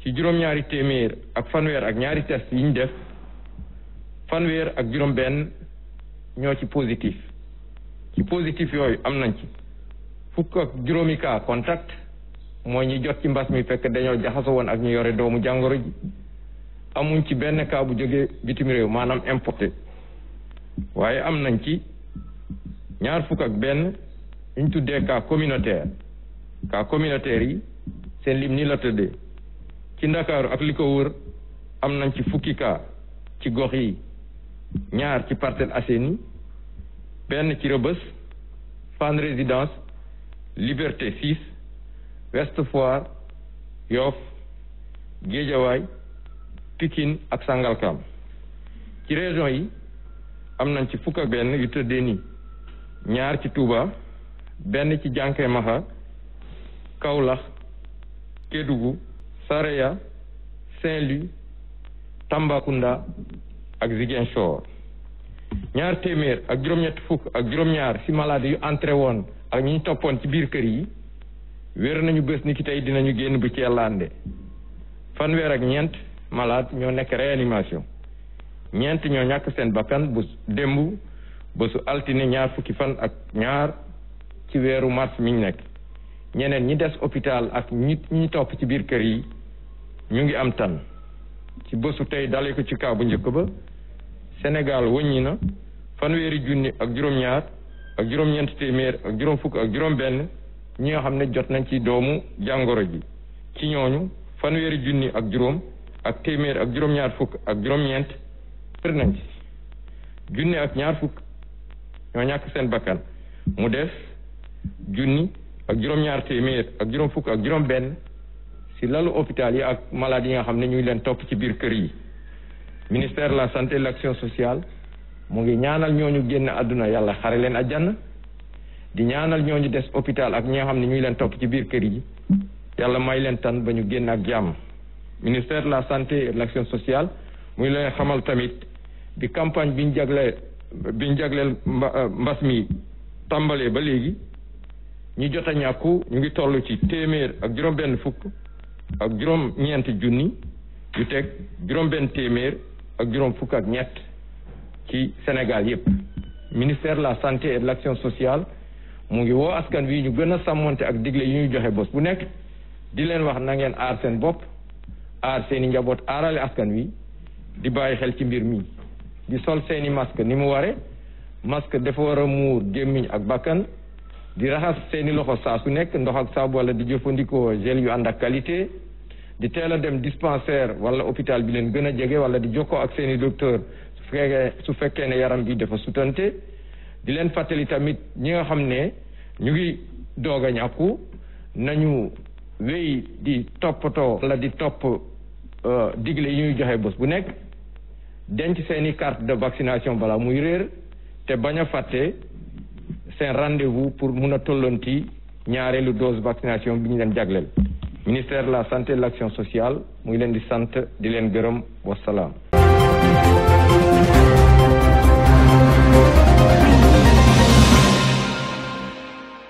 ci juróom-ñaari téeméer ak fanweer ak ñaari test yi ñu def fanweer ak juróom-benn ñoo ci positif ci positif yooyu am nañ ci fukk ak juróomi cas contact mooy ñi jot ci mbas mi fekk dañoo jaxasoo woon ak ñu yore doomu jàngoro ji amuñ ci benn kaa bu jóge bitim réew maanaam importé waaye am nañ ci ñaar fukk ak benn ñu tuddee cas communautaire cas communautaire yi seen lim ni la tëddee ci ndakaaru ak li ko wër am nañ ci fukki cas ci gox yi ñaar ci Parcelles Assainies benn ci Rebeuss Fann Résidence Liberté 6 Ouest Foire Yoff Guédiawaye Pikine ak Sangalkam ci région yi am nañ ci fukk benn yu tëddee ni ñaar ci Touba benn ci Jànke Maxa Kaolack Kédougou Saraya Saint-Louis Tambacounda ak Ziguinchor ñaar téeméer ak juróom-ñett fukk ak juróom-ñaar ci malade yu entré woon ak ñi ñu toppoon ci biir kër yi wér nañu bés ni ki tey dinañu génn bu ci yàllaande fanweer ak ñeent malade ñoo nekk réanimation ñeent ñoo ñàkk seen bakkan bu démb bésu altine ñaar fukki fan ak ñaar ci weeru mars mi ñu nekk ñeneen ñi des hôpital ak ñi ñi topp ci biir kër yi ñu ngi am tan ci bésu tey dalee ko ci kaw bu njëkk ba senegal wëññi na fanweeri junni ak juróom-ñaar ak juróom ak juróom fukk ak juróom-benn ñi nga xam ne jot nañ ci doomu jàngoro ji ci ñooñu fanweeri junni ak juróom ak téeméer ak juróom-ñaar fukk ak juróom-ñeent junni ak ñaar fukk ñoo ñàkk seen bakkan mu des junni ak juróom-ñaar téeméer ak juróom fukk ak juróom-benn ci lalu hôpital yi ak malade yi nga xam ne ñu ngi leen topp ci biir kër yi ministère de la santé et de sociale mu ngi ñaanal ñoo ñu génn àdduna yàlla xare leen àjjana di ñaanal ñoo ñu des hôpital ak ñi nga xam ne ñu ngi leen topp ci biir kër yi yàlla may leen tan ba ñu génn ak jàmm ministère de la santé et de l'action sociale muy leen xamal tamit di campagne bi ñu jagleel jagleel euh, mbas mi tàmbalee ba léegi ñi jot a ñàkku ñu ngi toll ci téeméer ak juróom-benn fukk ak juróom ñeenti junni yu teg juróom benn téeméer ak juróom fukk ak ñett ci Sénégal yépp ministère la santé et de l'action sociale mu ngi woo askan wi ñu gën a sàmmonte ak digle yu ñu joxe bés bu nekk di leen wax nangeen ngeen aar seen bopp aar seeni njaboot aarale askan wi di bàyyi xel ci mbir mi di sol seen i ni mu ware masque dafa war a muur gémmiñ ak bakkan di raxas seeni loxo saa su nekk ndox ak saabu wala di jëfandikoo gel yu ànd ak qualité di teel a dem dispensaire wala hôpital bi leen gën a jege wala di jokkoo ak seeni docteur su fekkee su ne yaram bi dafa sutante di leen fàttali tamit ñi nga xam ne ñu ngi doog ñàkku nañu wéy di toppatoo la di topp euh, digle yi ñuy joxe bës bu nekk denc seeni carte de vaccination bala muy réer te bañ a fàtte seen rendez-vous pour mun a tollanti ñaareelu dose vaccination bi ñu leen jagleel ministère de la santé et de l'action sociale mu ngi leen di sant di leen gërëm wasalaam